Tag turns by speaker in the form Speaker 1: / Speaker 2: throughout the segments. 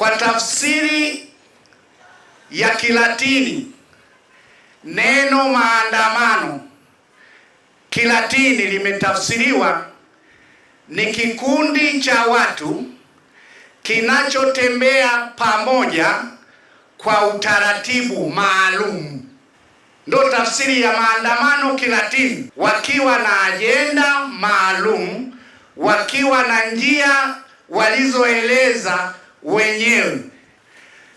Speaker 1: Kwa tafsiri ya Kilatini, neno maandamano Kilatini limetafsiriwa ni kikundi cha watu kinachotembea pamoja kwa utaratibu maalum. Ndo tafsiri ya maandamano Kilatini, wakiwa na ajenda maalum, wakiwa na njia walizoeleza wenyewe.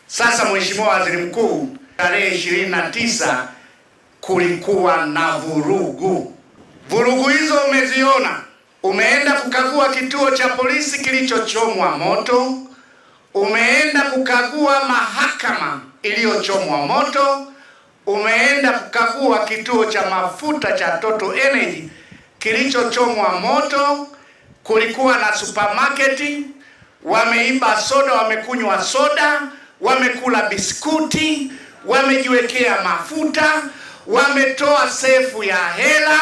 Speaker 1: Sasa Mheshimiwa Waziri Mkuu, tarehe ishirini na tisa kulikuwa na vurugu. Vurugu hizo umeziona, umeenda kukagua kituo cha polisi kilichochomwa moto, umeenda kukagua mahakama iliyochomwa moto, umeenda kukagua kituo cha mafuta cha Total Energy kilichochomwa moto, kulikuwa na supermarket wameiba soda, wamekunywa soda, wamekula biskuti, wamejiwekea mafuta, wametoa sefu ya hela,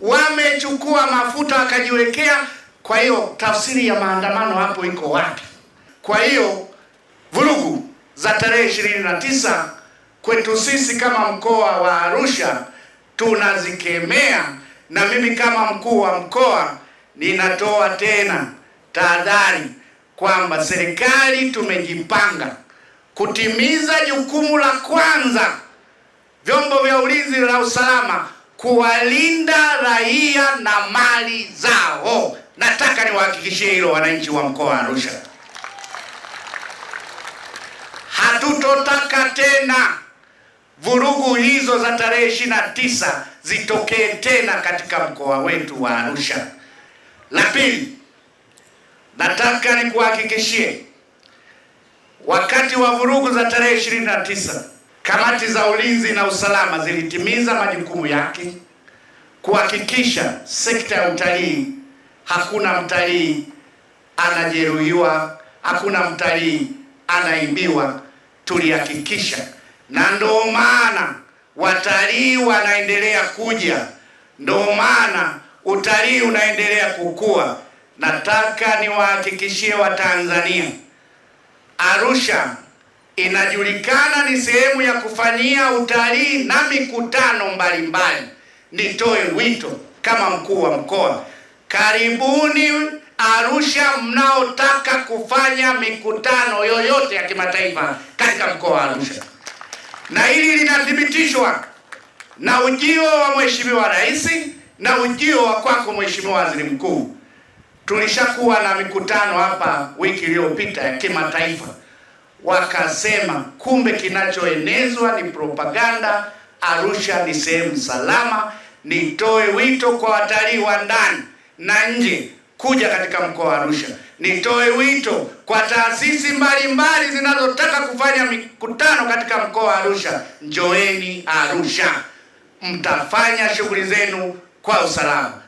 Speaker 1: wamechukua mafuta wakajiwekea. Kwa hiyo tafsiri ya maandamano hapo iko wapi? Kwa hiyo vurugu za tarehe 29 kwetu sisi kama mkoa wa Arusha tunazikemea, na mimi kama mkuu wa mkoa ninatoa tena tahadhari kwamba serikali tumejipanga kutimiza jukumu la kwanza vyombo vya ulinzi la usalama kuwalinda raia na mali zao. Nataka niwahakikishie hilo wananchi wa mkoa wa Arusha, hatutotaka tena vurugu hizo za tarehe ishirini na tisa zitokee tena katika mkoa wetu wa Arusha. La pili Nataka nikuhakikishie, wakati wa vurugu za tarehe 29 kamati za ulinzi na usalama zilitimiza majukumu yake kuhakikisha sekta ya utalii, hakuna mtalii anajeruhiwa, hakuna mtalii anaibiwa. Tulihakikisha, na ndo maana watalii wanaendelea kuja, ndo maana utalii unaendelea kukua. Nataka niwahakikishie Watanzania, Arusha inajulikana ni sehemu ya kufanyia utalii na mikutano mbalimbali. Nitoe wito kama mkuu wa mkoa, karibuni Arusha mnaotaka kufanya mikutano yoyote ya kimataifa katika mkoa wa Arusha, na hili linathibitishwa na ujio wa Mheshimiwa Rais na ujio wa kwako Mheshimiwa Waziri Mkuu. Tulishakuwa na mikutano hapa wiki iliyopita ya kimataifa, wakasema kumbe kinachoenezwa ni propaganda. Arusha ni sehemu salama. Nitoe wito kwa watalii wa ndani na nje kuja katika mkoa wa Arusha. Nitoe wito kwa taasisi mbalimbali zinazotaka kufanya mikutano katika mkoa wa Arusha, njoeni Arusha, mtafanya shughuli zenu kwa usalama.